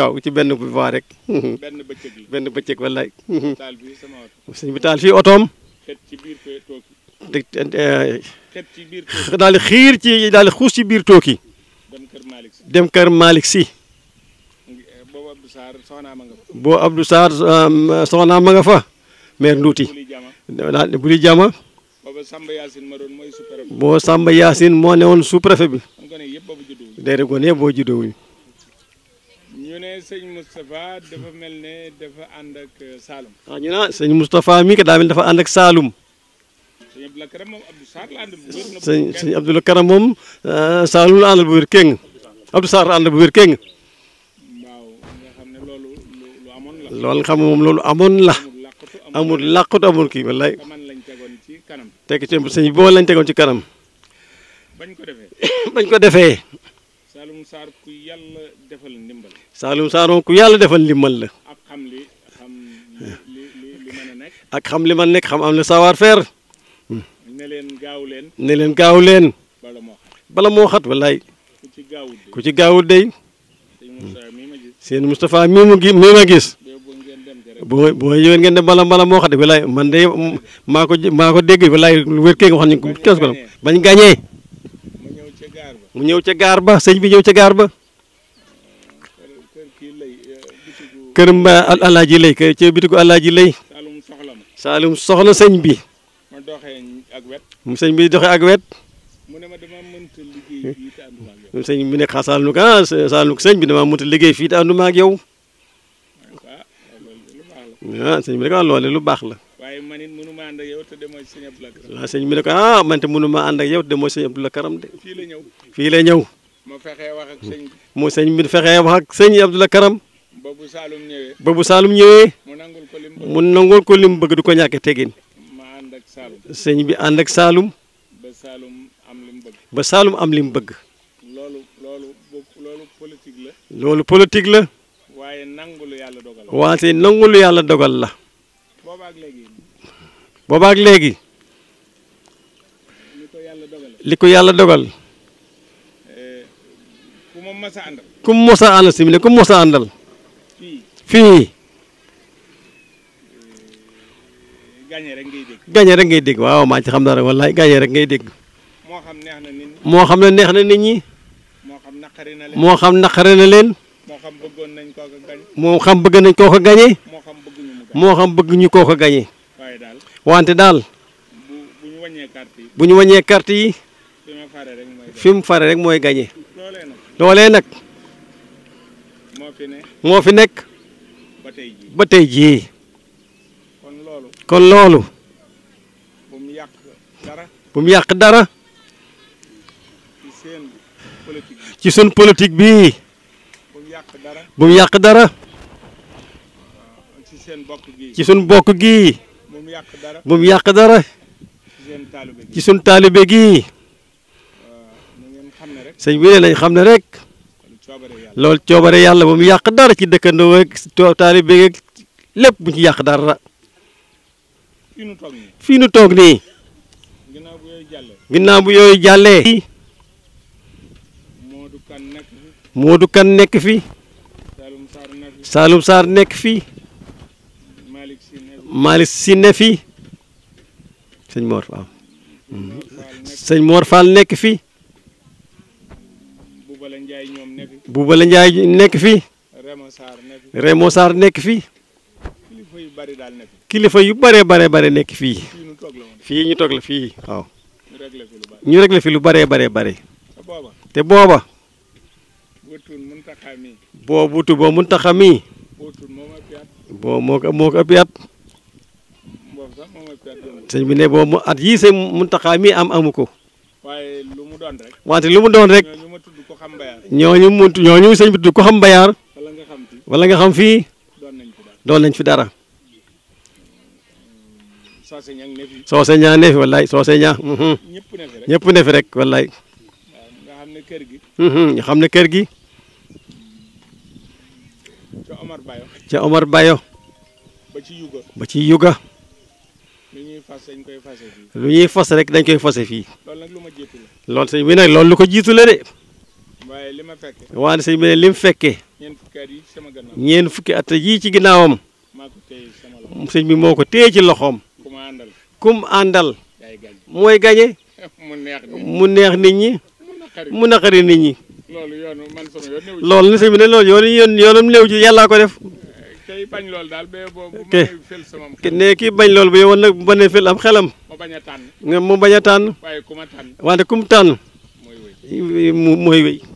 waaw ci benn bu baax rek. benn bëccëg la benn bëccëg wallaay. bi taal fii otoom. Eh, eh, daal di xiir ci daal xuus ci biir tooki. dem kër Malick si. Eh, boo Abdou Sarr soxnaa ma nga fa. meer um, nduuti. daal bu di jama. boo Samba Yacine moo woon sous bi. déedéet gone yëpp boo juddoo sëñ Moustapha dafa mel ne dafa ànd ak euh, Saalum. ah ñu naan sëñ Moustapha mi ka daa mel dafa ànd ak Saalum. sëñ Abdoul Karam moom Abdou Sarr la ànd bu wér. sëñ sëñ Abdoul Karam moom euh, Saalum la àndal bu wér kéng Abdou Sarr la bu wér kéng. waaw nga xam ne lu amoon la. loolu xam moom loolu amoon la. amul làqatu amul kii wallaay. tekki ci sëñ boo lañ tegoon ci kanam. bañ ko defee. bañ ko defee. Saalum Sarr ku yàlla defal ndimbal. Saalum Saalum ku yàlla defal limal la ak xam li ma nekk xam am na sawar faire ne leen gaaw leen ne leen gaaw leen bala moo xat wallaay ku ci gaawut day seen Moustapha mii mu gi mii ma gis bu bu ma yëwén ngeen dem bala bala moo xat wallaay man de maa ko maa ko dégg wallaay wér kee nga wax ñu kees ko bañ gañee mu ñëw ca gaar ba sëñ bi ñëw ca gaar ba kër mba alaaji lay kër ci bitigu alaaji lay saalum soxla señ bi mu sëñ bi doxee ak wet sëñ bi ne xaa saalum ko ah saalum sëñ bi dama mënta liggéey fii te ànduma ak yow ah sëñ bi ne ah loole lu baax la waaw ah, sëñ bi ne ko ah man te mënuma ànd ak yow te demoo sëñ Abdou Karam de fii la ñëw mu sëñ bi fexee wax ak sëñ Abdou Karam ba bu Saalum ñëwee. mu nangul ko li mu bëgg du ko ñàkk teggin. ma ànd bi ànd ak Saalum. ba Saalum am lim bëgg. ba Saalum am lim bëgg. loolu loolu la. loolu politique la. waaye nangul yàlla dogal la. waaye nangul yàlla dogal la. boobaak léegi. boobaak léegi. li ko yàlla dogal. li ko yàlla dogal. Eh, ku ma mos a àndal. ku ma mos àndal. fii gañe rek ngay dégg gañe rek ngay dégg waaw maa ci xam dara wallaay gañe rek ngay dégg moo xam neex na nit ñi mo xam ne neex na nit ñi moo xam naqari na leen moo xam naqari na leen moo xam bëggoon nañ ko xam bëgg nañ ko xam bëgg ñu xam bëgg ñu ko wante carte yi carte yi rek rek fi fi ba tey jii kon loolu kon bu mu yàq dara yàq ci seen politique bi bu mu yàq dara ci seen bokk gi bu mu yàq dara ci seen taalibe gi sëñ bi ne lañ xam ne rek loolu coobare yàlla moom yàq dara ci dëkkandoo ak taali bégeeg lépp bu ci yàq dara fii nu toog nii ginnaaw bu yooyu jàllee Moodu Kan nekk fi Saalum Saar nekk fi Malick Si ne fi sëñ Mor waaw sëñ nekk fi Boubala Ndiaye ñoom nekk fi. Boubala Ndiaye nekk fi. Remo Sarr nekk nekk fi. kilifa yu bari daal kilifa yu baree baree bare nekk fii. fii ñu toog la fii ñu toog la fii waaw. fi lu bari ñu baree baree bare. te booba te booba. buutul Muntaxa mii. boo buutul boo moo moo ëpp at. sëñ bi ne boobu at yii sëñ Muntaxa am amu ko. waaye mu doon rek. wante lu mu doon rek. ñooñu muntu ñooñu sëñ bi tudd ko xam bayaar wala nga xam fii doon nañ fi dara soose ñaa ne fi wallaay soose ñaa mhm. ñëpp ne fi rek wallaay mhm, nga xam ne kër gi ca Omar Bayo ba ci Yuga lu ñuy fas rek dañ koy fase fii loolu sëñ bi nag loolu lu ko jiitu la de waaye li ma fekke waane sëñ bi ne li mu fekkee ñeen fukki at yii ci ginnaawam sëñ bi moo ko téye ci loxoom kum àndal mooy gañe mu neex nit ñi mu naqari nit ñi loolu ni sëñ bi ne loolu yoonu yoon yoonam néew ci yàllaa ko def eh, kay bañ loolu daal ba boobu ne kii bañ loolu ba yow nag bu ma nee am xelam. mu bañ a tànn. mu bañ a tànn. waaye ku ma tànn. wante ku mu tànn. mooy wéy mooy